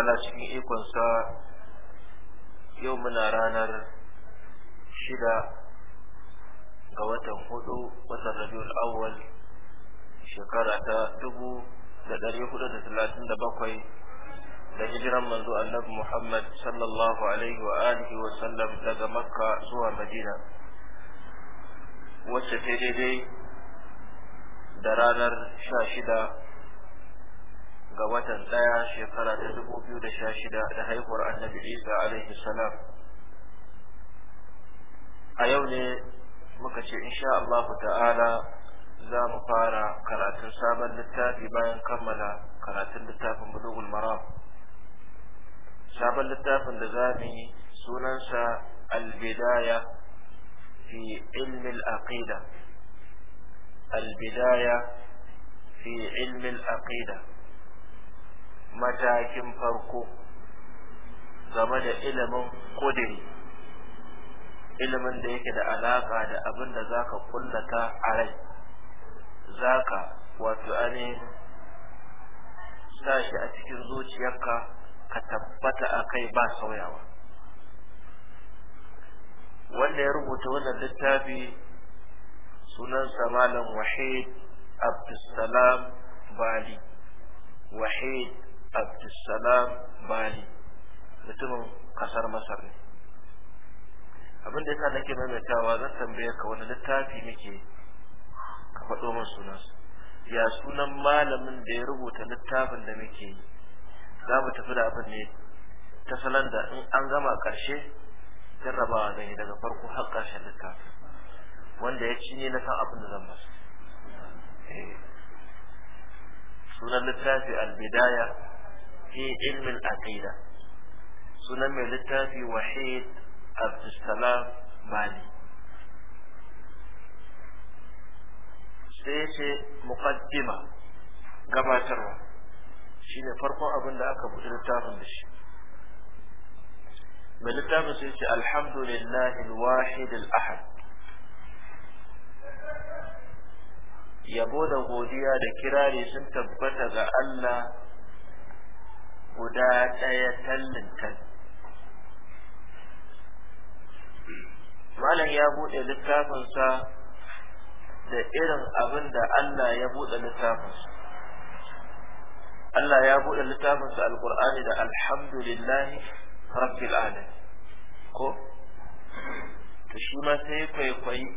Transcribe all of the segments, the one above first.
Ala cikin ikonsa yau muna ranar shida ga watan hudu watan rabiul awwal shekara ta dubu da dari hudu da talatin da bakwai da hijiran manzo annabi Muhammad sallallahu alaihi wa alihi wa sallam daga Makka zuwa Madina wacce ta daidai da ranar sha shida ga watan ɗaya shekara ta dubu biyu da sha shida da haihuwar annabi isa alaihi salam a yau ne muka ce insha Allah ta'ala za mu fara karatun sabon littafi bayan kammala karatun littafin bulugul maram sabon littafin da za mu yi sunansa albidaya fi ilmin aqida fi aqida matakin farko game da ilimin kudiri ilimin da yake da alaƙa da abin da za ka a rai za wato ane sa shi a cikin zuciyarka ka tabbata a kai ba sauyawa wanda ya rubuta wannan littafi sunansa malam wahid abdulsalam da yasa nake maimaitawa zan tambaye ka wani littafi muke ka faɗo min sunansa ya sunan malamin da ya rubuta littafin da muke yi za mu tafi da abin ne ta salon da in an gama ƙarshe zan rabawa zan yi daga farko har ƙarshen littafin wanda ya ci ne na san abin da zan masu eh. sunan littafi albidaya fi ilmin aqida sunan mai littafi wahid abdulsalam mali sai ce muqaddima gabatarwa shine farkon abin da aka buɗe littafin da shi mai littafin sai ce alhamdulillahi alwahid alahad yabo da godiya da kirari sun tabbata ga Allah guda ɗaya tallin tallin malam ya buɗe littafinsa da irin abin da Allah ya buɗe littafinsa Allah ya buɗe littafinsa alƙur'ani da alhamdulillahi rabbil alamin ko to shi ma sai kwaikwayi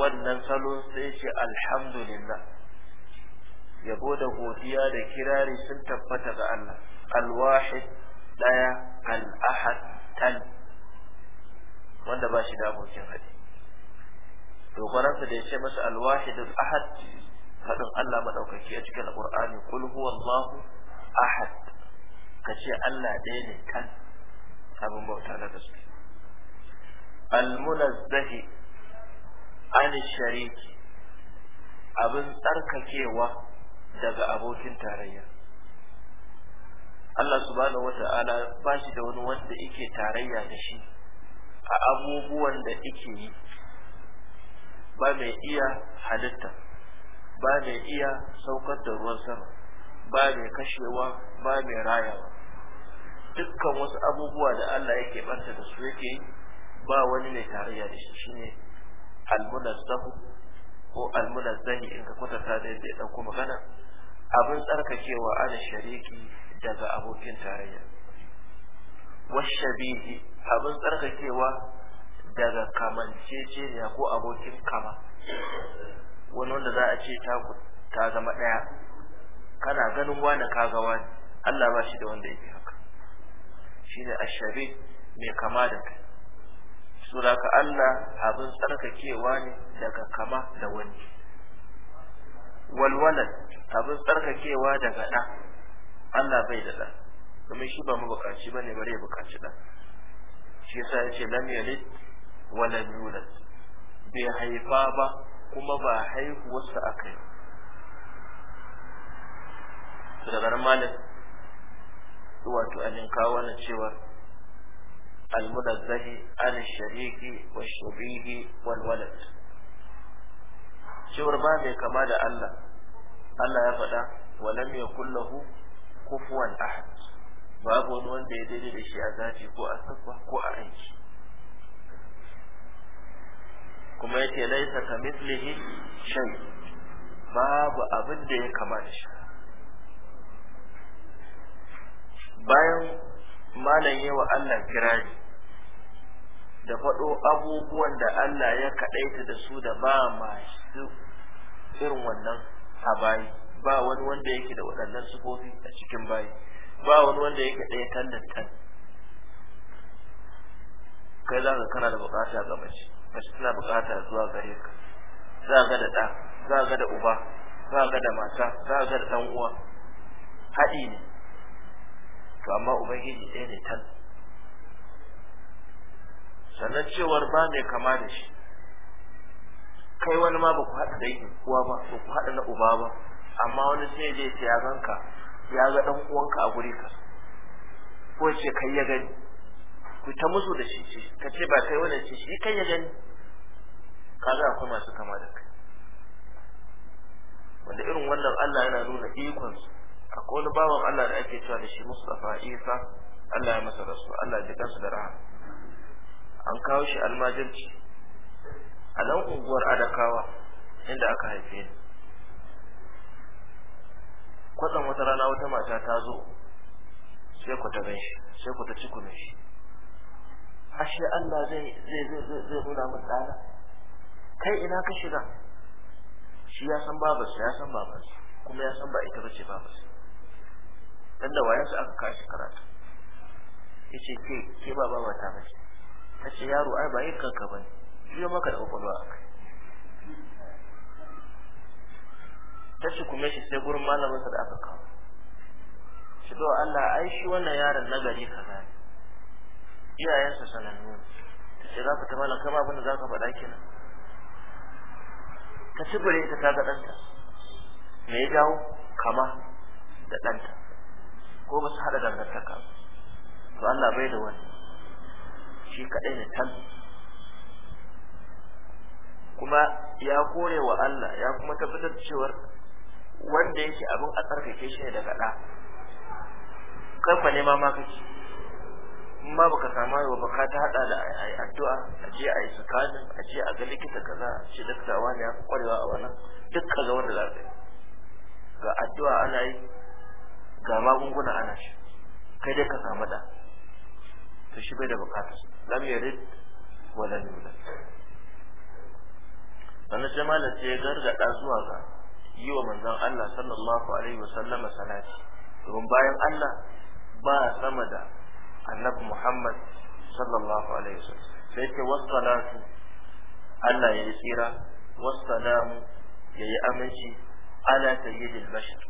wannan salo sai ce alhamdulillah yabo da godiya da kirari sun tabbata ga Allah alwahid daya al-ahad tal wanda ba shi da abokin hadi dogaransa da ya ce masa alwahidul ahad fadin Allah maɗaukaki a cikin alqur'ani kul huwallahu ahad kace Allah ɗaya ne kan abin bauta na gaske almunazzahi an shariki abin tsarkakewa daga abokin tarayya Allah subhanahu wata'ala ba shi da wani wanda yake tarayya da shi a abubuwan da ike yi ba mai iya halitta ba mai iya saukar da ruwan sama ba mai kashewa ba mai rayawa dukkan wasu abubuwa da Allah yake banta da su yake ba wani mai tarayya da shi shine almunazzahu ko almunazzahi in ka kwatanta da yadda ya dauko magana abin tsarkakewa ana shariki daga abokin tarayya washabihi abin tsarkakewa daga ne ko abokin kama wani wanda za a ce ta zama ɗaya kana ganin wani kaga wani Allah ba shi da wanda yake haka shi ne ashabi mai kama da kai sura ka Allah abin tsarkakewa ne daga kama da wani walwalan abin tsarkakewa daga ɗa Allah bai da ɗa domin shi ba mabukaci ba ne bare bukaci ɗa shi yasa yace lam yalid wa lam yulad bai haifa ba kuma ba haihuwarsa akai kai. daga malam wato anin kawo wannan cewa shariki wa shubihi wal walad cewar ba ne kama da Allah Allah ya faɗa walam yakul lahu kufuwan ahad babu wani wanda ya daidai da shi a zafi ko a sassa ko a aiki. kuma ya ce laisa ka mislihi shai babu abin da ya kama da shi bayan malam yi wa Allah kirari da faɗo abubuwan da Allah ya kaɗaita da su da ba masu irin wannan a bayi ba wani wanda yake da waɗannan sufofi a cikin bayi ba wani wanda yake ɗaya tallan tan kai za ka kana da bukata ga mace mace tana bukata zuwa gare ka za ga da ɗa za ga da uba za ga da mata za ga da ɗan uwa haɗi ne to amma ubangiji ɗaya ne tan. sannan cewar ba mai kama da shi kai wani ma ba ku haɗa da uwa ba ba ku haɗa na uba ba amma wani sai je ya ganka ya ga dan uwanka a guri ka ko ce kai ya gani ku ta musu da shi ka ce ba kai wannan shi shi kai ya gani ga akwai masu kama da kai wanda irin wannan Allah yana nuna ikon su akwai wani bawan Allah da ake cewa da shi Mustafa Isa Allah ya masa rasu Allah ya kansu da rahama an kawo shi almajirci a nan unguwar Adakawa inda aka haife ni kwatsan wata rana wata mata ta zo sai ku ta ganshi sai ku ta ci kunu shi ashe Allah zai zai zai zai mu min dana kai ina ka shiga shi ya san babarsa ya san babarsa kuma ya san ba ita bace babarsa dan da wayansa aka kashi karatu yace ke ke ba baba ta bace tace yaro ai ba yin ka bane biyo maka da kwakwalwa akai ta cikume shi sai gurin malaminsa da aka kawo shi do Allah ai shi wannan yaron nagari kaza ne iyayensa sanannu ta ce za ka ta malam kama abin da za ka faɗa kenan ta cibire ta kaga ɗanta me ya jawo kama da ɗanta ko ba su haɗa dangantaka to Allah bai da wani shi kaɗai ne tan kuma ya kore wa Allah ya kuma tabbatar cewar wanda yake abin a tsarkake shi ne daga ɗa kamfani fa nema ma kake in ma baka samu yau ba ka ta hada da ai addu'a a je a yi sakanin a je a ga likita kaza a ce dakta wani ya kwarewa a wannan duk kaza wanda za ka yi ga addu'a ana yi ga magunguna ana shi kai dai ka samu da to shi bai da bukata lam yarid wala yulad wannan jama'a garga da zuwa ga yi wa manzon Allah sallallahu alaihi wa sallama salati domin bayan Allah ba sama da annabi Muhammad sallallahu alaihi wa sallam. sai ce wassalatu Allah ya yi tsira wassalamu ya yi aminci ala sayyidil bashar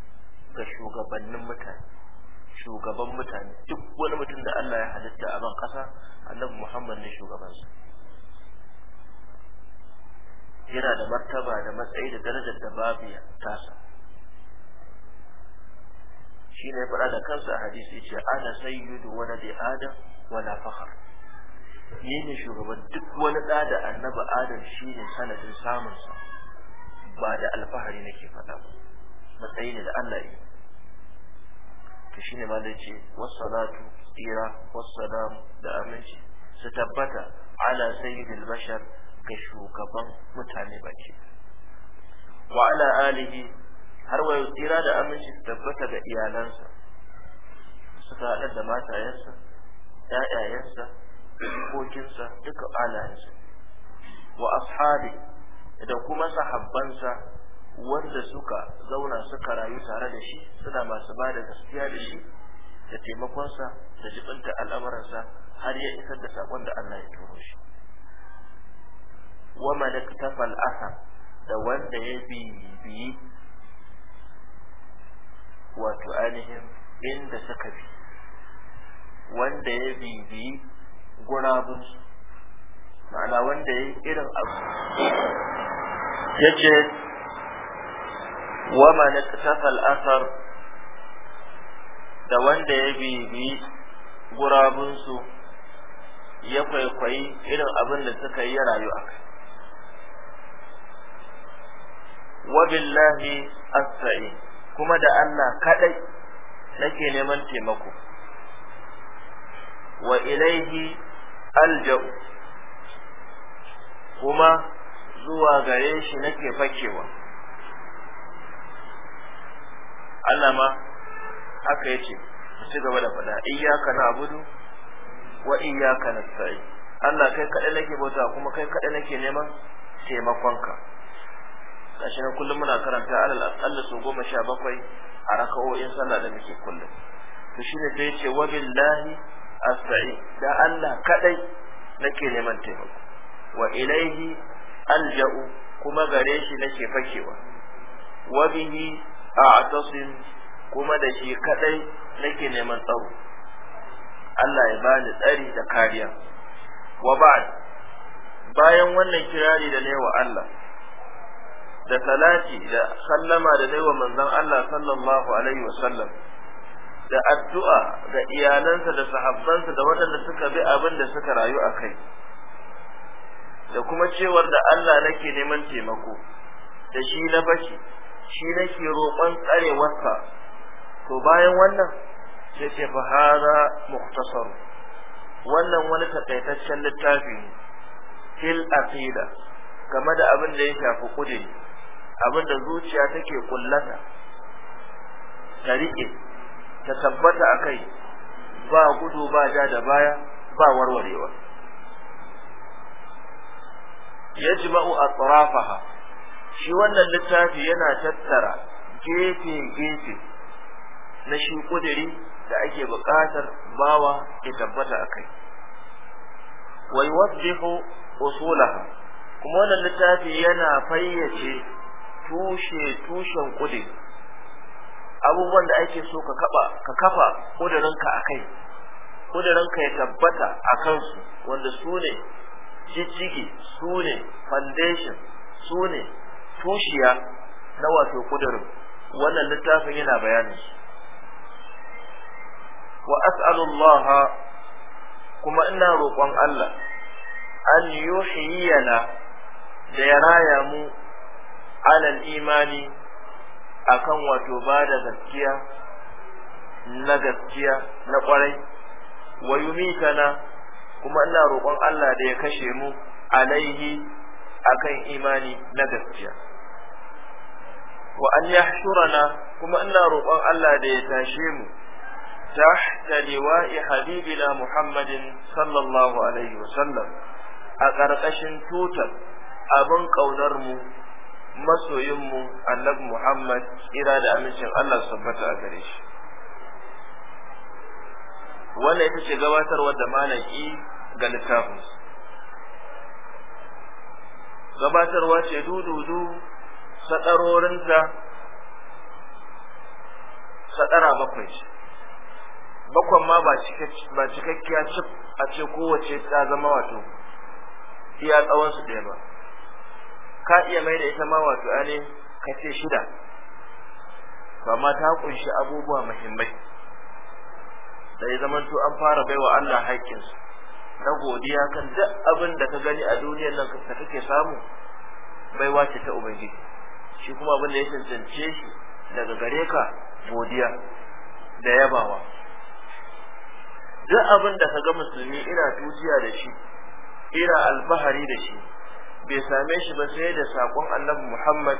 ga shugabannin mutane shugaban mutane duk wani mutum da Allah ya halitta a ban kasa annabi Muhammad ne shugabansa yana da martaba da matsayi da darajar da babu ya tasa shi ne faɗa da kansa hadisi ce ana sayyidu wani da adam wala fakhar ni ne shugaban duk wani ɗa da annabi adam shi ne sanadin samunsa ba da alfahari nake faɗa ba matsayi ne da Allah yi to shine ma da ce wassalatu tsira wassalamu da aminci su tabbata ala sayyidil bashar ga shugaban mutane baki wa ala alihi har wayo tsira da aminci su tabbata ga iyalansa suka haɗa da matayensa ɗayayensa, jikokinsa duka alayensa wa ashabi da kuma sahabbansa wanda suka zauna suka rayu tare da shi suna masu ba da gaskiya da shi da taimakonsa da jibinta al'amuransa har ya isar da saƙon da Allah ya turo shi wa man iktafa al da wanda ya bibiyi wato ainihin inda suka bi wanda ya bibiyi gurabun ma'ana wanda ya irin abu yace wa man iktafa al-athar da wanda ya bibiyi gurabunsu ya kwaikwayi irin abin da suka yi rayu a kai wa billahi kuma da Allah kadai nake neman taimako wa ilaihi alja'u kuma zuwa gare shi nake fakewa Allah ma haka yace mu ci gaba da faɗa iyyaka na'budu wa iyyaka nasta'in Allah kai kaɗai nake bauta kuma kai kaɗai nake neman taimakonka gashi na kullum muna karanta alal aqallu su goma sha bakwai a raka'o'in sallah da muke kullum to shine sai yace wa billahi astai da Allah kadai nake neman taimako wa ilaihi alja'u kuma gare shi nake fakewa wa bihi a'tasim kuma da shi kadai nake neman tsaro Allah ya bani tsari da kariya wa ba'd bayan wannan kirari da ne wa Allah da salati da sallama da daiwa manzon Allah sallallahu alaihi wasallam da addu'a ga iyalansa da sahabbansa da waɗanda suka bi abin da suka rayu a kai da kuma cewar da Allah nake neman taimako da shi na bashi shi nake roƙon tsarewarsa to bayan wannan sai ce fa hada muhtasar wannan wani takaitaccen littafi ne fil aqida game da abin da ya shafi kudin abin da zuciya take kullata ta riƙe ta tabbata a kai ba gudu ba ja da baya ba warwarewa yajma'u atrafaha shi wannan littafi yana tattara gefe-gefe na shi kudiri da ake buƙatar bawa ya tabbata a kai wa yuwaddihu usulaha kuma wannan littafi yana fayyace tushe tushen kudin abubuwan da ake so ka kaba ka kafa kudurinka a kai kudurinka ya tabbata a kansu wanda su ne jijjigi su ne foundation su ne tushiya na wato kudurin wannan littafin yana bayanin su wa as'alullah kuma ina roƙon Allah an yuhiyana da ya raya mu Alan imani akan wato ba da gaskiya na gaskiya na kwarai wa yumitana kuma ina roƙon Allah da ya kashe mu alaihi akan imani na gaskiya wa an yahshurana kuma ina roƙon Allah da ya tashe mu tahta liwa'i habibina Muhammadin sallallahu alaihi wa sallam a ƙarƙashin tutar abin ƙaunar mu masoyinmu annabi Muhammad kira da amincin Allah su tabbata a gare shi wannan ita ce gabatarwar da malaki e ga littafin gabatarwa ce dududu sadarorinta sadara bakwai ce bakwan ma ba cikakkiya cif a ce kowace ta zama wato iya tsawon su ɗaya ba ka iya mai da ita ma wato ane kace shida shida amma ta kunshi abubuwa muhimmai da ya zamanto an fara baiwa Allah su na godiya kan duk abin da ka gani a duniyar nan da kake samu baiwa ce ta ubangiji shi kuma abin da ya cancance shi daga gare ka godiya da yabawa duk abin da ka ga musulmi ina tujiya da shi ina alfahari da shi bai same shi ba sai da sakon annabi Muhammad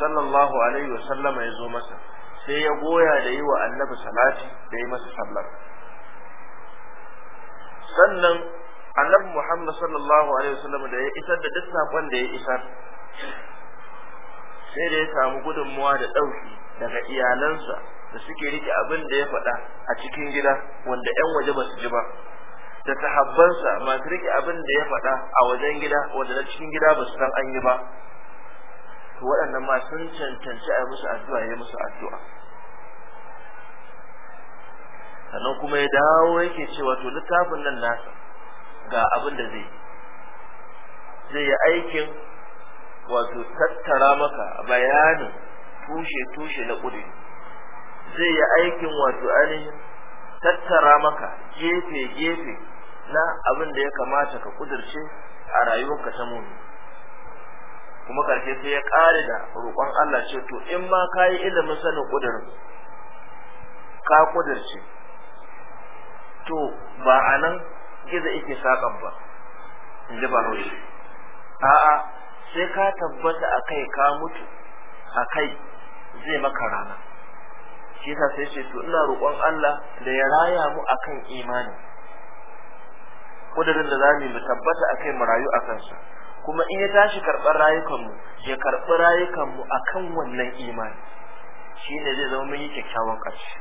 sallallahu alaihi sallama ya zo masa sai ya goya da yi wa annabi salati da yi masa sallar sannan annabi Muhammad sallallahu alaihi wasallama da ya isar da duk sakon da ya isar sai da ya samu gudunmuwa da ɗauki daga iyalansa da suke rike abin da ya faɗa a cikin gida wanda 'yan waje ba su ji ba da sahabbansa masu rike abin da ya faɗa a wajen gida wanda na cikin gida ba su san an yi ba to waɗannan ma sun cancanci a yi musu addu'a ya musu addu'a sannan kuma ya dawo yake cewa to littafin nan nasa ga abin da zai zai yi aikin wato tattara maka bayanin tushe-tushe na ƙudiri zai yi aikin wato ainihin tattara maka gefe-gefe na abin da ya kamata ka kudirce a rayuwarka ta muni kuma karshe sai ya ƙare da roƙon Allah ce to in ma ka yi ilimin sanin kudirin ka kudirce to ba a nan gizo ike saƙan ba in ji ba a'a sai ka tabbata a kai ka mutu a kai zai maka rana shi sai ce to ina roƙon Allah da ya raya mu akan imani kudirin da zamu mu tabbata akai mu rayu akan su kuma in ya tashi karɓar rayukan mu ya karɓi rayukan mu akan wannan imani shine zai zama mun yi kyakkyawan ƙarshe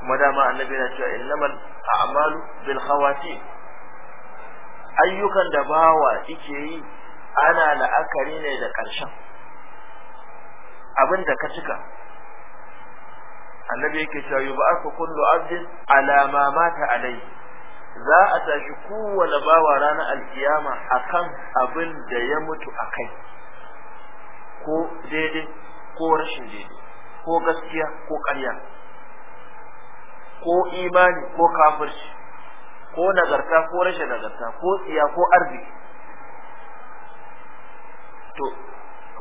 kuma dama annabi yana cewa innamal a'malu bil khawati ayyukan da bawa yake yi ana la'akari ne da ƙarshen abin da ka cika annabi yake cewa yub'athu kullu abdin ala ma mata alayhi za a tashi kowane bawa ranar alkiyama kan abin da ya mutu a kai ko daidai ko rashin daidai ko gaskiya ko ƙarya ko imani ko kafirci ko nagarta ko rashin nagarta ko tsiya ko arziki to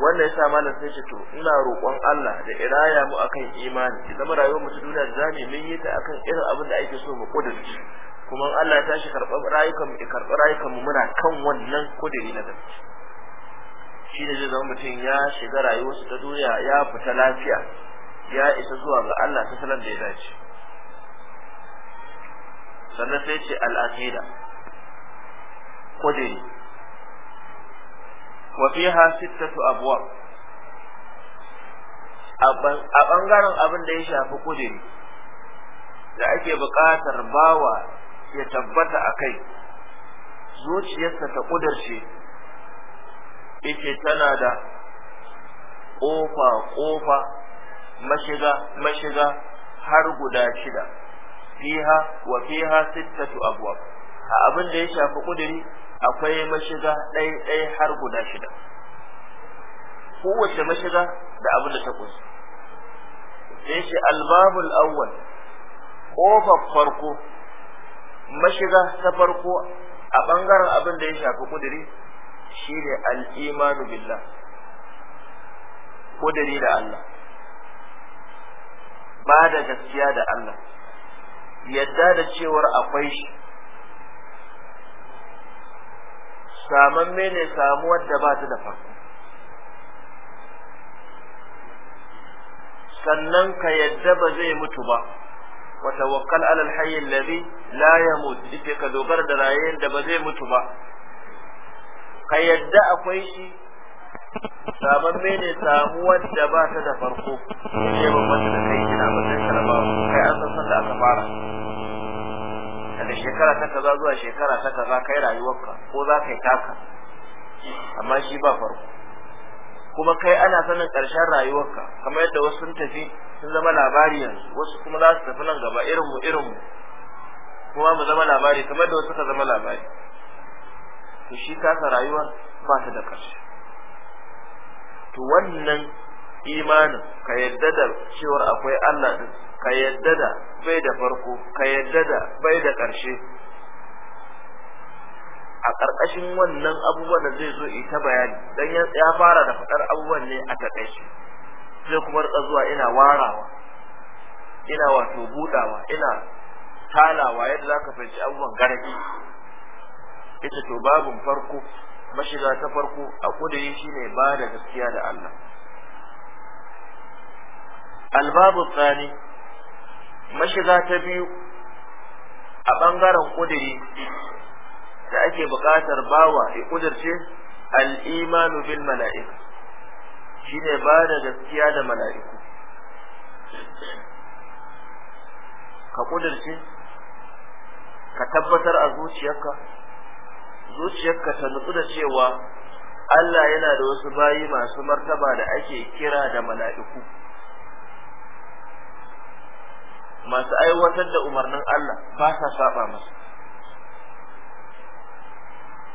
wannan ya sa malam sai ce to ina roƙon Allah da iraya mu akan imani zama rayuwar mu duniya da zamu mun yi ta akan irin abin da ake so mu kudurci kuma Allah ya tashi karɓar rayukan mu karɓi rayukan mu muna kan wannan kudiri na gaske shi ne zai zama mutum ya shiga rayuwarsa ta duniya ya fita lafiya ya isa zuwa ga Allah ta salon da ya dace sannan sai ce al'aqida kudiri wa fiha sittatu abwab a bangaren abin da ya shafi kudiri da ake buƙatar bawa ya tabbata a kai zuciyarsa ta ƙudarce ike tana da ƙofa ƙofa mashiga mashiga har guda shida fiha wa fiha sittatu abwab a abin da ya shafi ƙuduri akwai mashiga ɗai ɗai har guda shida kowace mashiga da abin da ta ƙunsa sai shi albabul awwal ƙofar farko mashiga ta farko a bangaren abin da ya shafi kudiri shi ne al'imanu billah kudiri da Allah ba da gaskiya da Allah yadda da cewar akwai shi saman mene samuwar da ba ta da farko sannan ka yadda ba zai mutu ba wa tawakkal ala alhayy alladhi la yamut ite ka dogara da rayayen da ba zai mutu ba ka yadda akwai shi sabamme ne samuwar da ba ta da farko sai ba wanda da kai kina ba sai karama kai an san da aka daga shekara ta kaza zuwa shekara ta kaza kai rayuwarka ko za ka yi taka amma shi ba farko kuma kai ana sanin ƙarshen rayuwarka kamar yadda wasu sun tafi sun zama labari yanzu wasu kuma za su tafi nan gaba irin mu irin mu kuma mu zama labari kamar da wasu ka zama labari to shi kasa rayuwa ba ta da ƙarshe to wannan imanin ka yadda da cewar akwai Allah ka yadda da bai da farko ka yadda da bai da ƙarshe a ƙarƙashin wannan abubuwan da zai zo ita bayani dan ya fara da faɗar abubuwan ne a taƙaice zai kuma rika zuwa ina warawa ina wato budawa ina talawa yadda zaka fahimci abubuwan garaki ita to babun farko mashiga ta farko a kudiri shine ba da gaskiya da Allah albabu tsani mashiga ta biyu a ɓangaren kudiri da ake buƙatar bawa ya kudirce al-imanu bil mala'ika shine ba da gaskiya da mala'iku ka kudirce ka tabbatar a zuciyarka zuciyarka ta nutsu da cewa Allah yana da wasu bayi masu martaba da ake kira da mala'iku masu aiwatar da umarnin Allah ba sa saba masa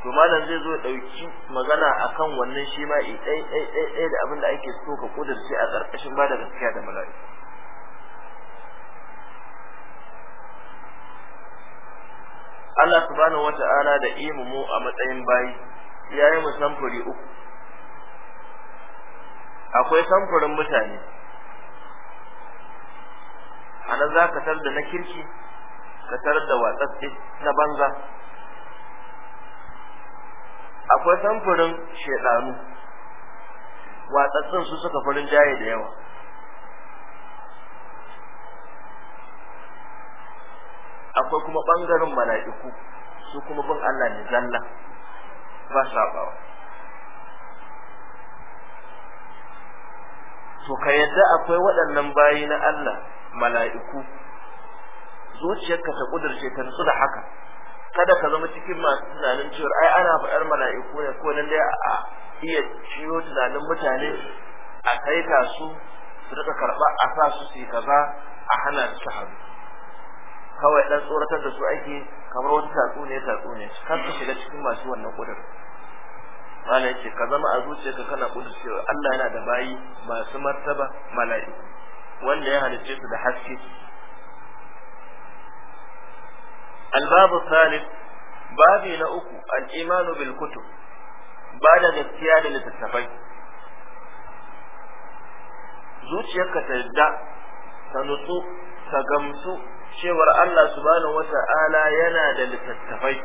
to malam zai zo ya dauki magana akan wannan shi ma i dai dai dai da abin da ake so ka kudurce a karkashin ba da gaskiya da mala'i Allah subhanahu wata'ala da imu mu a matsayin bayi ya yi mu samfuri uku akwai samfurin mutane a nan za ka tar da na kirki ka tar da watsatsi na banza akwai samfurin shedanu watsatsun su suka furin jaye da yawa akwai kuma bangaren mala'iku su kuma bin Allah ne zalla ba sabawa to ka yadda akwai waɗannan bayi na Allah mala'iku zuciyarka ta kudurce ta nutsu da haka kada ka zama cikin masu tunanin cewa ai ana faɗar mala'iku ne ko lalle a iya ciyo tunanin mutane a saita su su rika karɓa a sa su su yi kaza a hana su hannu. kawai dan tsoratar da su ake kamar wata tatsuniya tatsuniya kar ka shiga cikin masu wannan kudur mana yake ka zama a zuciyarka kana kudur cewa Allah yana da bayi masu martaba mala'iku wanda ya halicce su da haske albabu salif babu na uku al'imanu bil kutub ba da gaskiya da littattafai Zuciyar ta yadda ta nutsu ka gamsu cewar Allah subhanahu wata'ala yana da littattafai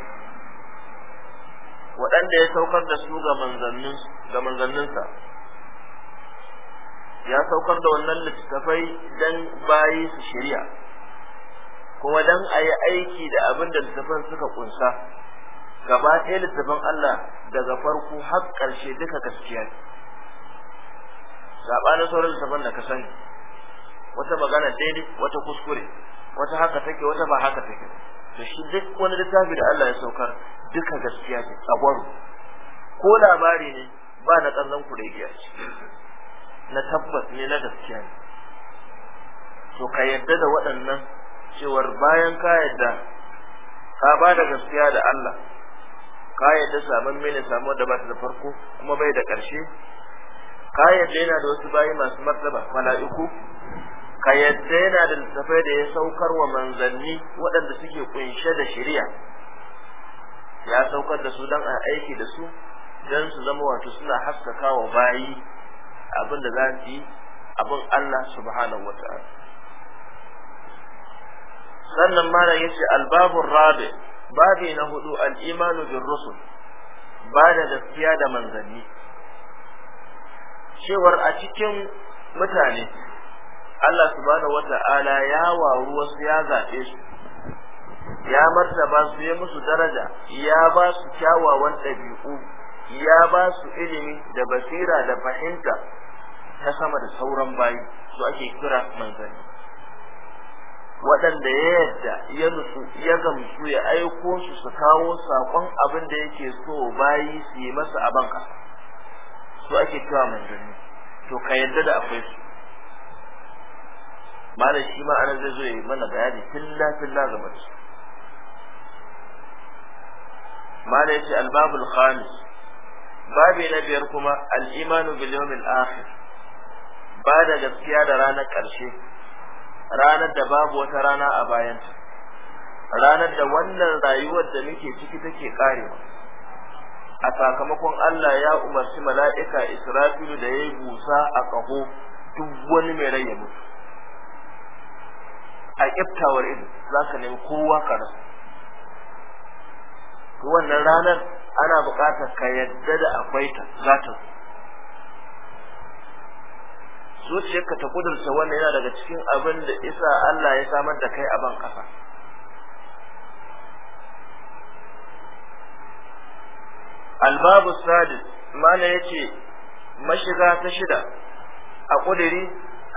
waɗanda ya saukar da su ga manzanninsa ya saukar da wannan littattafai don bayi su shari'a kuma dan a yi aiki da abin da littafan suka kunsa gaba ɗaya littafan Allah daga farko har ƙarshe duka gaskiya ne na sauran littafan da ka sani wata magana daidai wata kuskure wata haka take wata ba haka take to shi duk wani littafi da Allah ya saukar duka gaskiya ne tsagwaro ko labari ne ba na ƙanzan kuregiya ce na tabbas ne na gaskiya ne to ka yadda da waɗannan cewar bayan ka yadda ka ba da gaskiya da Allah ka yadda sabon mene samu da ba ta da farko kuma bai da ƙarshe ka yadda yana da wasu bayi masu martaba mala'iku ka yadda yana da littafai da ya saukar wa manzanni waɗanda suke kunshe da shirya, ya saukar da su don a aiki da su don su zama wato suna haskaka wa bayi abin da za su yi abin Allah subhanahu wa ta'ala sannan mara yace albabur rabi babi na hudu al-imanu bir rusul ba da gaskiya da manzanni cewar a cikin mutane Allah subhanahu wata'ala ya waru wasu ya zaɓe su ya martaba su ya musu daraja ya ba su kyawawan ɗabi'u ya ba su ilimi da basira da fahimta ta sama da sauran bayi su ake kira manzanni waɗanda ya yadda ya nutsu ya gamsu ya aiko su su kawo saƙon abin da yake so bayi su yi masa a banka su ake cewa manzanni to ka yadda da akwai su malam shi ma ana zai zo ya yi mana bayani filla filla ga mace su malam ya ce albabul khamis babi na biyar kuma al'imanu imanu bil yawmil akhir ba da gaskiya da ranar ƙarshe ranar da babu wata rana a bayanta ranar da wannan rayuwar da muke ciki take karewa a sakamakon Allah ya umarci mala'ika Isra'ilu da yayi busa a kaho duk wani mai rai ya a ƙiftawar ido za ka nemi kowa ka rasa wannan ranar ana bukatar ka yadda da akwai ta za ta zo zuciyarka ta kudurta wanda yana daga cikin abin da isa Allah ya samar da kai a ban kasa albabu sadis mana yace mashiga ta shida a kudiri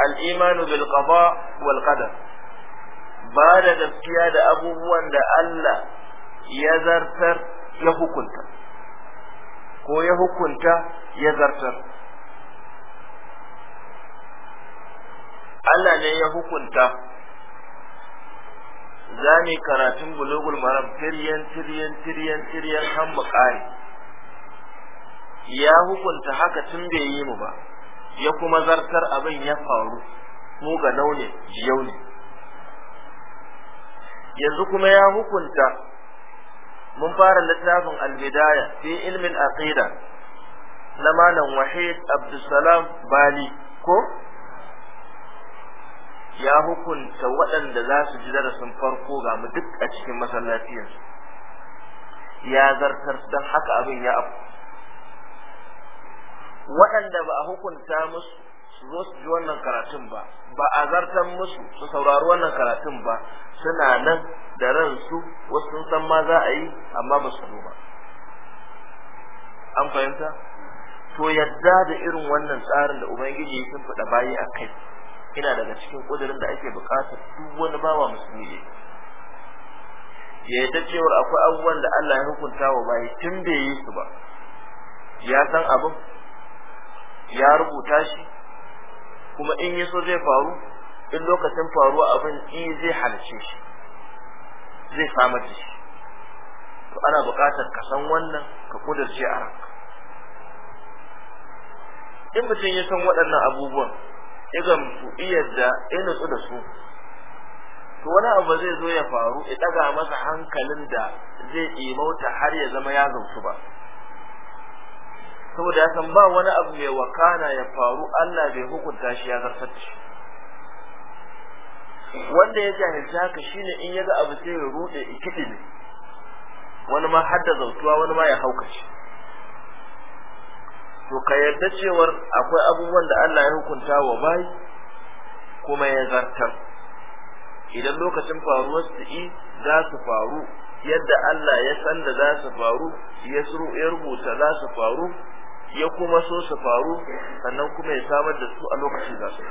al-imanu bil qada wal qadar ba da gaskiya da abubuwan da Allah ya zartar ya hukunta ko ya hukunta ya zartar Allah ne ya hukunta za mu karatun bulugul maram tiryan tiryan tiryan tiryan har bukari ya hukunta haka tun bai yi mu ba ya kuma zartar abin ya faru mu ga naune yau ne yanzu kuma ya hukunta mun fara littafin albidaya fi ilmin aqida na malam wahid abdulsalam bali ko ya hukunta waɗanda za su ji darasin farko ga mu duk a cikin masallaciyarsu ya zartar don haka abin ya abu waɗanda ba a hukunta musu su zo su ji wannan karatun ba ba a zartar musu su saurari wannan karatun ba suna nan da ransu wasu sun san ma za a yi amma ba su zo ba an fahimta to yadda da irin wannan tsarin da ubangiji sun faɗa bayi a kai ina daga cikin kudirin da ake bukatar duk wani bawa musulmi ya yi ta cewar akwai abubuwan da Allah ya hukunta wa bayi tun bai yi su ba ya san abin ya rubuta shi kuma in yi so zai faru in lokacin faruwa abin in zai halice shi zai samar da shi to ana bukatar ka san wannan ka kudirce a ranka in mutum ya san waɗannan abubuwan igan iyar da ina su da su to wani abu zai zo ya faru ya daga masa hankalin da zai imauta har ya zama ya zautu ba saboda ya san ba wani abu mai wakana ya faru Allah bai hukunta shi ya zartar wanda ya jahilci haka shine in ya ga abu sai ya rude ikidi ne wani ma hadda zautuwa wani ma ya haukace to ka yarda cewar akwai abubuwan da Allah ya hukunta wa bai kuma ya zartar idan lokacin faruwar su yi za su faru yadda Allah ya san da za su faru ya ya rubuta za su faru ya kuma so su faru sannan kuma ya samar da su a lokacin za su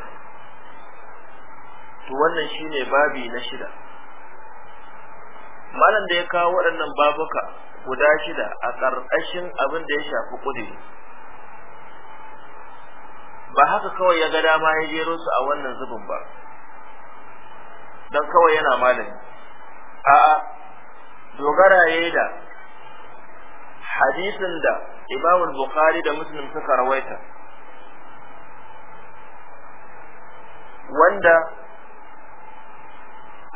to wannan shine babi na shida malam da ya kawo waɗannan babuka guda shida a ƙarƙashin abin da ya shafi ƙudiri ba haka kawai ya ga dama ya jero su a wannan zubin ba don kawai yana malami a'a dogara ya da hadisin da imam bukhari da muslim suka rawaita wanda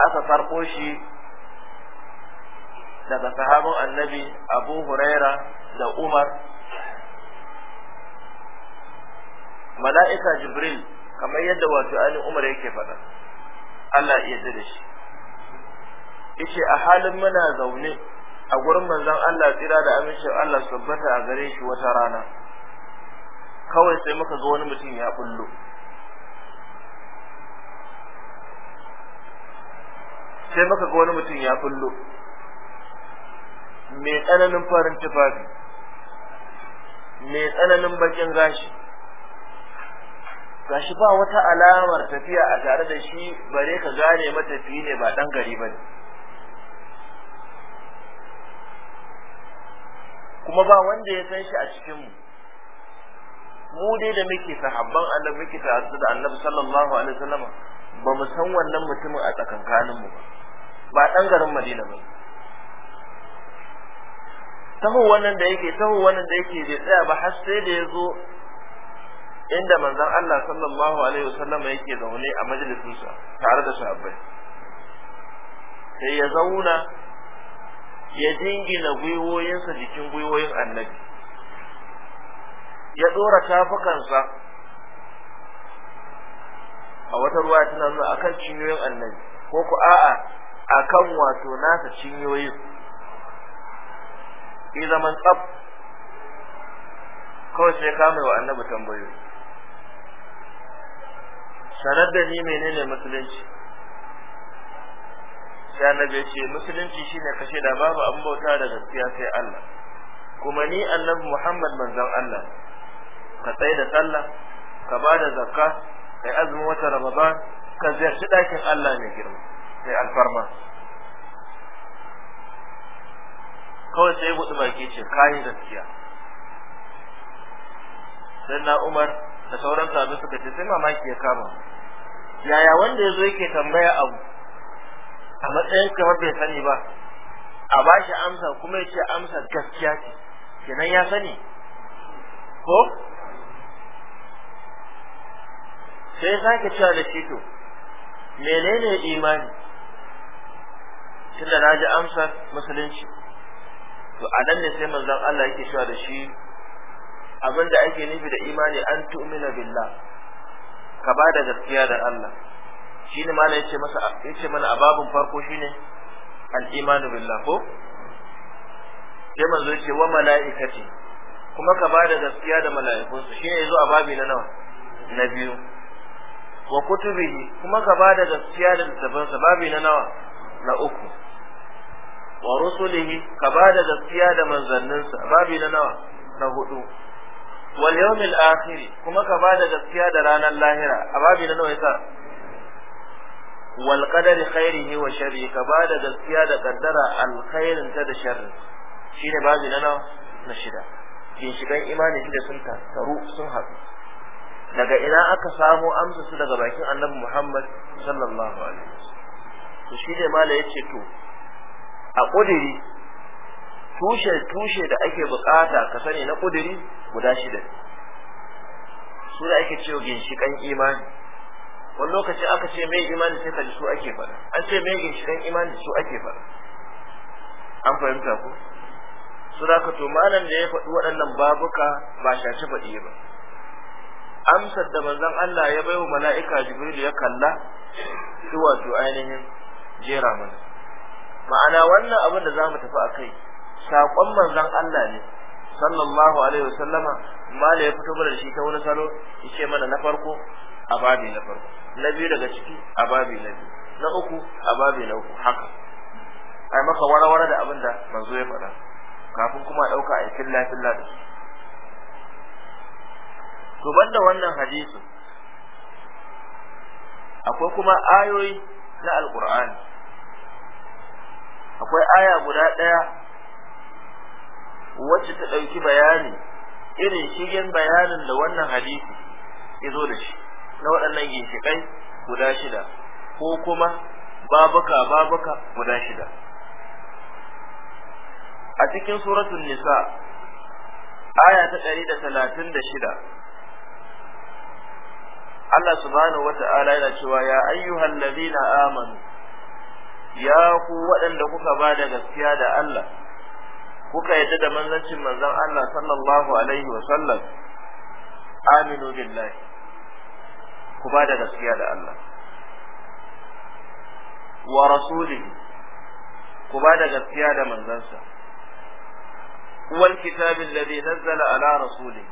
aka farko shi daga sahabin annabi abu huraira da umar mala'ika jibril kamar yadda wato ani umar yake faɗa Allah ya yarda da shi yace a halin muna zaune a gurin manzon Allah tsira da amincin Allah tabbata a gare shi wata rana kawai sai muka ga wani mutum ya bullo sai muka ga wani mutum ya bullo mai tsananin farin tufafi mai tsananin bakin gashi gashi ba wata alamar tafiya a tare da shi bare ka gane matafi ne ba dan gari bane kuma ba wanda ya san shi a cikin mu mu dai da muke sahabban allah muke tare da annabi sallallahu alaihi wasallam ba mu san wannan mutumin a tsakankanin mu ba dan garin Madina ba taho wannan da yake taho wannan da yake zai tsaya ba har sai da ya zo inda manzon Allah sallallahu alaihi wasallam yake zaune a sa tare da sahabbai sai ya zauna ya dingina sa jikin gwiwoyin annabi ya dora sa a wata ruwa tana nuna akan cinyoyin annabi ko ku a'a akan wato nasa cinyoyin idan zaman tsaf kawai sai ka mai wa annabi tambayoyi sanar da ni menene musulunci sai annabi ce musulunci shine kashe da babu abun bauta da gaskiya sai Allah kuma ni annabi Muhammad manzon Allah ka tsaya da sallah ka ba da zakka kai azumin wata Ramadan ka ziyarci dakin Allah mai girma sai alfarma kawai sai gudu baki ce kayi gaskiya sai na Umar da sauran sabbin suka ce sai mamaki ya kama yaya wanda yazo yake tambaya abu a matsayin kamar bai sani ba a bashi amsa kuma ya ce amsa gaskiya ce kenan ya sani ko sai sake cewa da shi menene imani tunda na ji amsar musulunci to a nan ne sai manzon Allah yake cewa da shi abin da ake nufi da imani an tu'mina billah ka ba da gaskiya da Allah shine malam yace masa yace mana ababun farko shine al-imanu billah ko sai manzo yace wa malaikati kuma ka ba da gaskiya da mala'ikunsu shine yazo a babi na nawa na biyu wa kutubihi kuma ka ba da gaskiya da sa babi na nawa na uku wa rusulihi ka ba da gaskiya da manzanninsa babi na nawa na hudu wal yawmil akhir kuma ka bada gaskiya da ranar lahira a babi na nawa sa? wal qadari khairihi wa sharri ka bada gaskiya da kaddara alkhairin ta da sharri shine babi na nawa na shida ginshigan imani shida sun taru sun haɗu daga ina aka samo amsa su daga bakin annabi Muhammad sallallahu alaihi wasallam to shi ne mala yace to a ƙudiri tushe tushe da ake bukata ka sani na kuduri guda shida su da ake cewa ginshikan imani wani lokacin aka ce mai imani sai ka ji su ake fara. an ce mai ginshikan imani su ake fara. an fahimta ku? su da ka to malam da ya faɗi waɗannan babuka ba shashi faɗi ba amsar da manzon Allah ya baiwa mala'ika Jibril ya kalla su wato ainihin jera mana ma'ana wannan abin da za mu tafi a kai saƙon manzon Allah ne sallallahu alaihi wasallama mala ya fito mana da shi ta wani salo ce mana na farko a na farko na biyu daga ciki a babi na biyu na uku a babi na uku haka ai maka warawara da abin da manzo ya faɗa kafin kuma ɗauka a yakin lafin da su to banda wannan hadisi akwai kuma ayoyi na Alƙur'ani. akwai aya guda ɗaya wacce ta ɗauki bayani irin shigen bayanin da wannan hadisi ya zo da shi na waɗannan ginshiƙai guda shida ko kuma babuka babuka guda shida a cikin suratul nisa aya ta ɗari da talatin da shida Allah subhanahu wata'ala yana cewa ya ayyuhal ladina amanu ya ku waɗanda kuka ba da gaskiya da Allah kuka yadda da manzancin manzon Allah sallallahu alaihi wa sallam aminu billahi ku ba da gaskiya da Allah wa rasulihi ku ba da gaskiya da manzansa wal kitabin ladhi nazzala ala rasulihi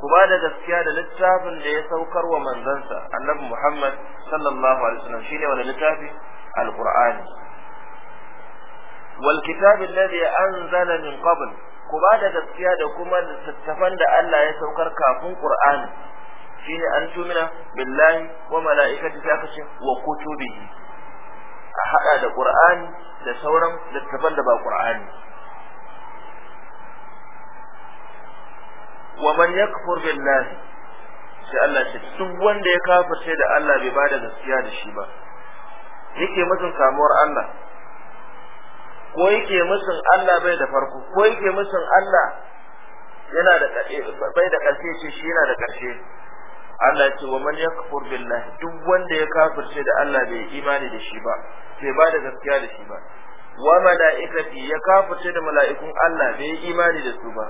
ku ba da gaskiya da littafin da ya saukar wa manzansa annabi Muhammad sallallahu alaihi wa wasallam shine wani littafi alqur'ani wal kitab an anzala min qabl ku ba da gaskiya da kuma littattafan da Allah ya saukar kafin Qur'ani shine an tumina billahi wa mala'ikati ta kace wa kutubihi a hada da da sauran littattafan da ba wa sai Allah ce duk wanda ya sai da Allah bai ba da gaskiya da shi ba yake mutum kamuwar Allah ko yake musun Allah bai da farko ko yake musun Allah yana da bai da ƙarshe shi, shi yana da ƙarshe Allah ce wa man yakfur billahi duk wanda ya kafirce da Allah bai imani da shi ba bai ba da gaskiya da shi ba wa mala'ikati ya kafirce da mala'ikun Allah bai imani da su ba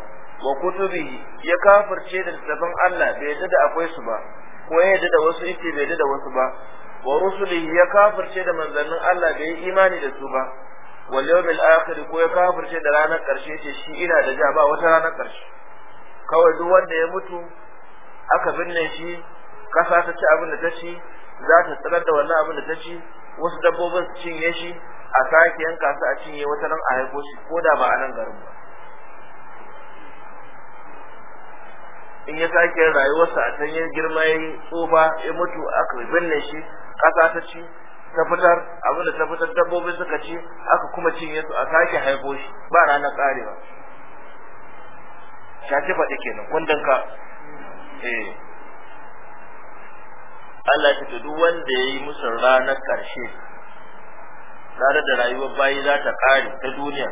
wa kutubihi ya kafirce da littafan Allah bai yadda da akwai su ba ko ya yadda da wasu yake bai yadda da wasu ba wa rusulihi ya kafirce da manzannin Allah bai imani da su ba wal yawmil akhir ko ya kafirce da ranar karshe ce shi ina da ja ba wata ranar karshe kawai duk wanda ya mutu aka binne shi kasa ta ci abin da ta ci za ta tsirar da wannan abin da ta ci wasu dabbobin su cinye shi a sake yanka su a cinye wata nan a haiko shi ko da ba a nan garin ba in ya sake rayuwarsa a can girma ya yi tsufa ya mutu aka binne shi kasa ta ci ta fitar abin da ta fitar dabbobi suka ci aka kuma cinye su a sake haifo shi ba ranar karewa shafi faɗi kenan kundin ka eh Allah ya ce duk wanda yayi musu ranar karshe tare da rayuwar bayi za ta kare ta duniya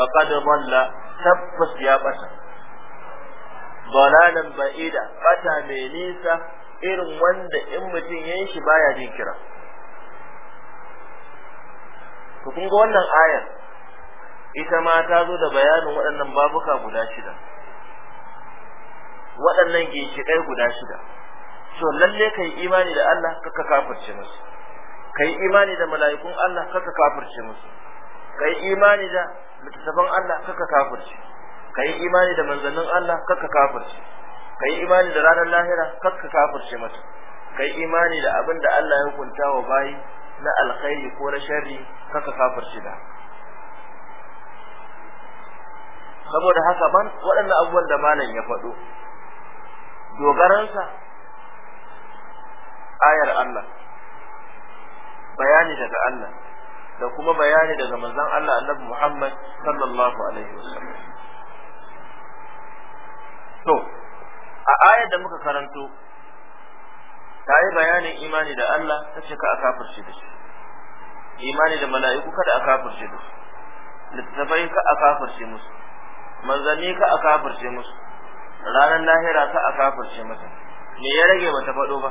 faqad dalla tabbas ya bata dalalan ba'ida bata mai nisa irin wanda in mutum yayin shi baya jin kira to kun ga wannan ayar ita ma ta zo da bayanin waɗannan babuka guda shida waɗannan ginshiƙai guda shida to lalle ka yi imani da Allah kaka kafirce musu ka yi imani da mala'ikun Allah kaka kafirce musu ka yi imani da littattafan Allah kaka kafirce ka yi imani da manzannin Allah kaka kafirce ka yi imani da ranar lahira kaka kafirce musu ka yi imani da abin da Allah ya hukunta wa bayi na alkhairi ko na sharri kaka kafar da saboda haka ban waɗannan abubuwan da malam ya faɗo dogaransa ayar Allah bayani daga Allah da kuma bayani daga manzon Allah annabi Muhammad sallallahu alaihi wasallam to a ayar da muka karanto ta yi bayanin imani da Allah ta ce ka a kafirce da shi imani da mala'iku kada a kafirce da su littafai ka a kafirce musu manzanni ka a kafirce musu ranar lahira ka a kafirce musu, me ya rage bata faɗo ba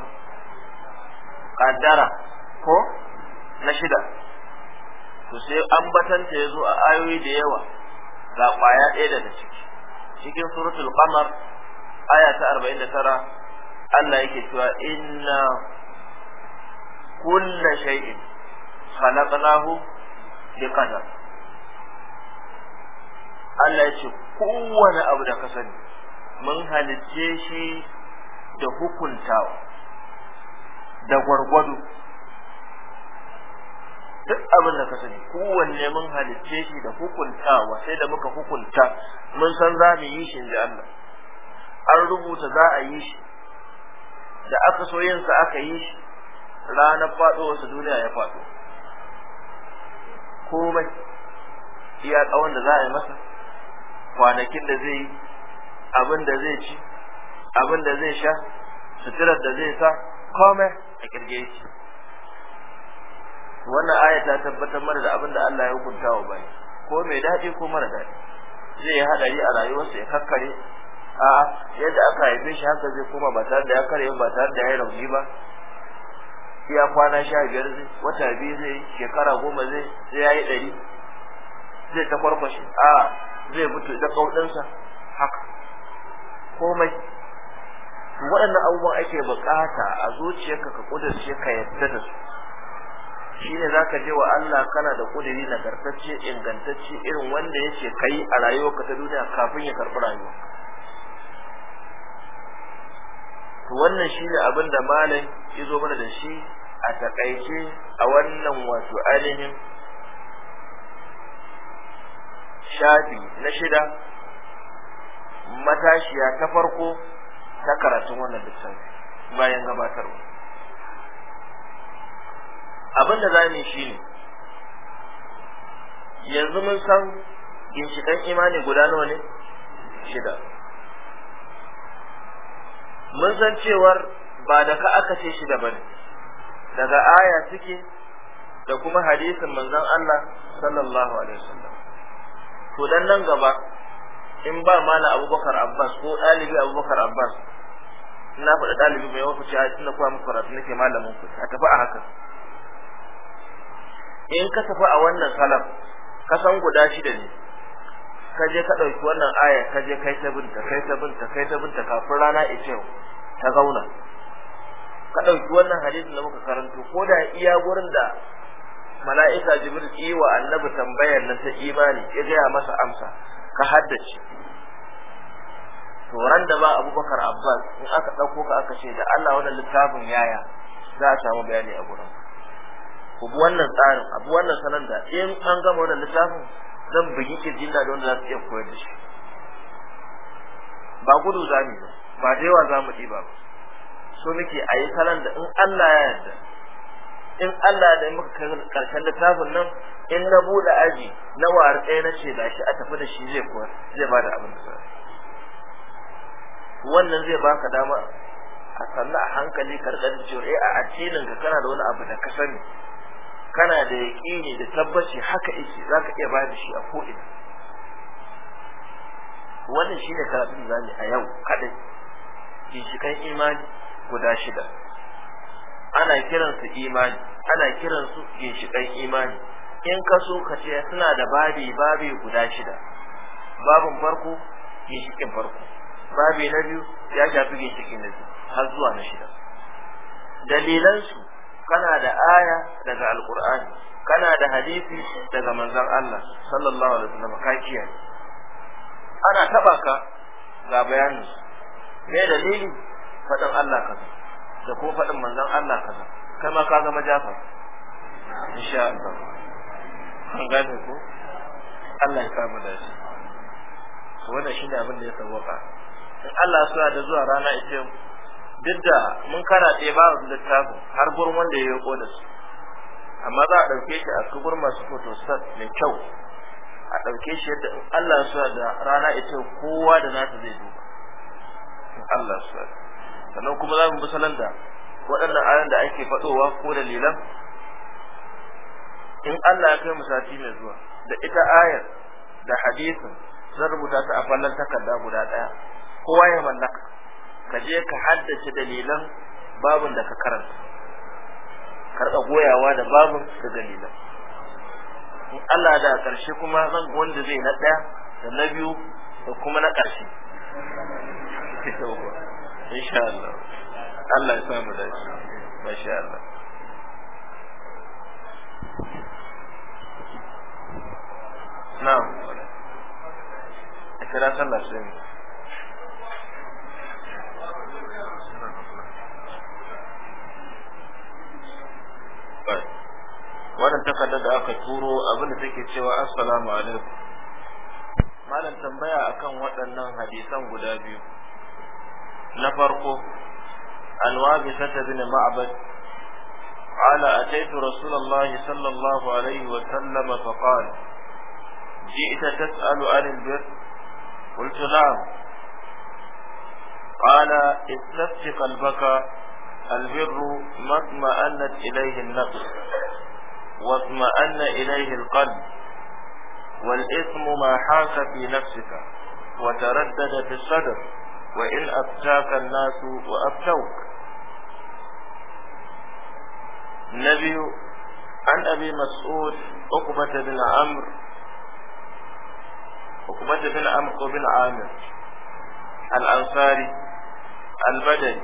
kaddara ko na shida to sai ambatanta ya zo a ayoyi da yawa ga ƙwaya ɗaya daga ciki cikin suratul qamar aya ta 49 Allah yake cewa inna kulla shay'in khalaqnahu liqadar Allah ya ce kowane abu da ka sani mun halicce shi da hukuntawa da gwargwado duk abin da ka sani kowanne mun halicce shi da hukuntawa sai da muka hukunta mun san za mu yi shi da Allah an rubuta za a yi shi da aka so yin sa aka yi shi ranar faɗo wasu duniya ya faɗo komai iya tsawon da za a yi masa kwanakin da zai yi abin da zai ci abin da zai sha suturar da zai sa komai a kirge shi wannan aya ta tabbatar mana da abin da Allah ya hukunta wa bai ko mai daɗi ko mara daɗi zai yi haɗari a rayuwarsa ya kakkare a'a yadda aka haife shi haka zai koma ba tare da ya karye ba tare da ya rauni ba iya kwana sha biyar zai wata biyu zai shekara goma zai sai ya yi ɗari zai ta kwarkwashe a zai mutu da kauɗinsa haka komai waɗannan abubuwan ake buƙata a zuciyarka ka ƙudurce ka yadda da su shine ka je wa Allah kana da ƙuduri nagartacce ingantacce irin wanda ka kai a rayuwarka ta duniya kafin ya karɓi rayuwa. to wannan shi ne abin da malam ya zo mana da shi a takaice a wannan wato ainihin shafi na shida matashiya ta farko ta karatun wannan littafi bayan gabatarwa abin da za mu shi ne yanzu mun san ginshiƙan imani guda nawa ne shida mun san cewar ba da ka aka ce shi daban daga aya suke da kuma hadisin manzon Allah sallallahu alaihi wasallam to dan nan gaba in ba mala Abubakar Abbas ko dalibi Abubakar Abbas ina faɗa dalibi mai wasu cewa ina kuma muku karatu nake malamin ku a tafi a haka in ka tafi a wannan salaf ka san guda shida ne kaje ka ɗauki wannan ayar kaje je kai ta binta kai ta binta kai ta binta kafin rana ice ta gauna ka ɗauki wannan hadisin da muka karanto ko da iya gurin da mala'ika jibril yi wa annabi tambayar na ta imani ya gaya masa amsa ka haddace to ran da ba abubakar abbas in aka ɗauko ka aka ce da allah wannan littafin yaya za a samu bayani a gurin ku bi wannan tsarin abu wannan sanar da in an gama wannan littafin zan bugi kirjin da wanda za su iya koyar da shi ba gudu za mu ba da yawa za mu ɗiba ba so muke a yi salon da in Allah ya yarda in Allah da muka kai karshen littafin nan in na buɗe aji na ware ɗaya na ce gashi a tafi da shi zai koyar zai ba da abin da wannan zai baka dama a sannu a hankali karkar cewa eh a addinin ka kana da wani abu da ka sani kana da yaƙini da tabbaci haka yake za ka iya bayar da shi a ko'ina wannan shi ne karatun da a yau kadai ginshikan imani guda shida ana kiransu imani ana kiransu ginshikan imani in ka so ka ce suna da babi babi guda shida babin farko ginshikin farko babi na biyu ya shafi ginshikin na biyu har zuwa na shida dalilansu kana da aya daga alqur'ani kana da hadisi daga manzon Allah sallallahu alaihi wasallam ka kiyaye ana taba ka ga bayanin me dalili fadin Allah kaza da ko fadin manzon Allah kaza kai ma ka zama jafa insha Allah an gane ko Allah ya kama da shi wannan shine abin da ya sawwaka in Allah ya so da zuwa rana ita duk da mun kara ɗaya ba littafin har gurin wanda ya yi su amma za a ɗauke shi a kubur masu sat mai kyau a ɗauke shi yadda in Allah su da rana ita kowa da ta zai duba in Allah su sannan kuma za mu bi salon da waɗannan ayan da ake faɗowa ko dalilan in Allah ya kai mu sati mai zuwa da ita ayar da hadisin zan rubuta ta a fallon takarda guda ɗaya kowa ya mallaka ka je ka haddace dalilan babun da ka karanta karɓa goyawa da babun da dalilan in Allah da ƙarshe kuma zan wanda zai na ɗaya da na biyu da kuma na ƙarshe insha Allah Allah ya samu shi masha Allah na'am a kira sallah sai al wannan takardar da aka turo abinda take cewa assalamu alaikum malam tambaya akan waɗannan hadisan guda biyu na farko alwabi sata bin ma'bad قال أتيت رسول الله صلى الله عليه وسلم فقال جئت تسأل عن البر قلت نعم قال استفت قلبك البر ما اطمأنت إليه النفس واطمأن إليه القلب والإثم ما حاك في نفسك وتردد في الصدر وإن أبتاك الناس وأبتوك نبي عن أبي مسعود عقبة بن عمرو عقبة بن عمرو بن عامر الأنصاري البدري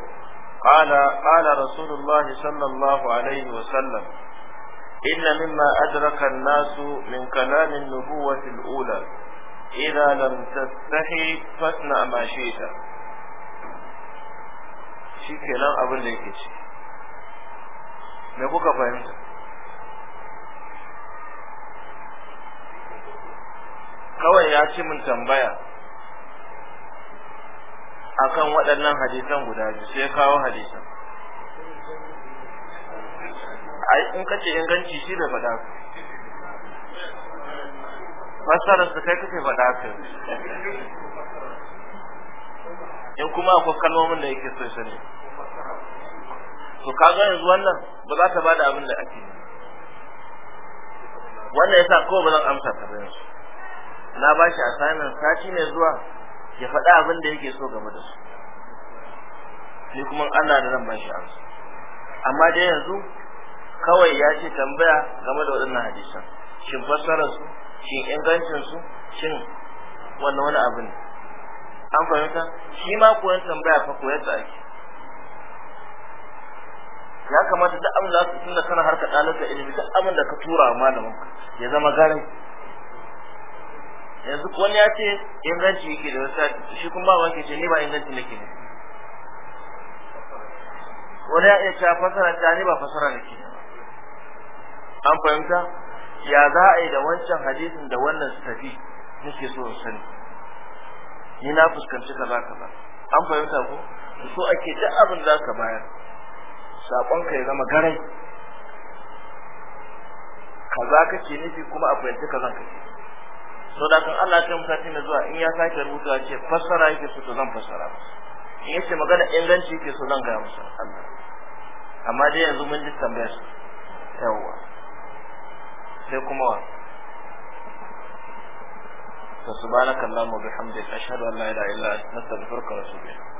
قال قال رسول الله صلى الله عليه وسلم إن مما أدرك الناس من كلام النبوة الأولى إذا لم تستحي فاصنع ما شئت shi kenan abin da yake ci me kuka fahimta kawai ya ci min tambaya akan waɗannan hadisan guda biyu sai kawo hadisan ai in kace inganci shi da faɗa ku fassarar su kai kake faɗa ku in kuma akwai kalmomin da yake so sani to kaga yanzu wannan ba za ta bada abin da ake wannan yasa ko ba zan amsa ta ba yanzu na bashi assignment sati ne zuwa ya faɗa abin da yake so game da su ni kuma Allah da ran ba shi amsa amma dai yanzu kawai ya ce tambaya game da waɗannan hadisan shin fassarar su shin ingancin su shin wannan wani abu ne an fahimta shi ma koyon tambaya fa koyar da ake ya kamata duk abin da za su tunda kana harka ɗalibta ilimi duk abin da ka tura wa malamin ya zama garin yanzu wani ya ce inganci yake da wasu shi kuma ba wanke ce ni ba inganci nake ne wani ya iya cewa fasara ta ni ba fasara nake an fahimta ya za a yi da wancan hadisin da wannan su tafi nake so in sani ni na fuskanci kaza kaza an fahimta ko so ake duk abin za ka bayar saƙonka ya zama garai kaza kake nufi kuma a fahimci kazan kake da saudakan Allah ta mutaci na zuwa in ya sake rubuta ce fassara yake su zan fassara musu in yace magana inganci yake su zan gaya musu Allah amma dai yanzu mun ji tambayar su yawwa sai kuma wa ta subhanaka Allahumma bihamdika ashhadu an la ilaha illa anta astaghfiruka wa atubu ilaik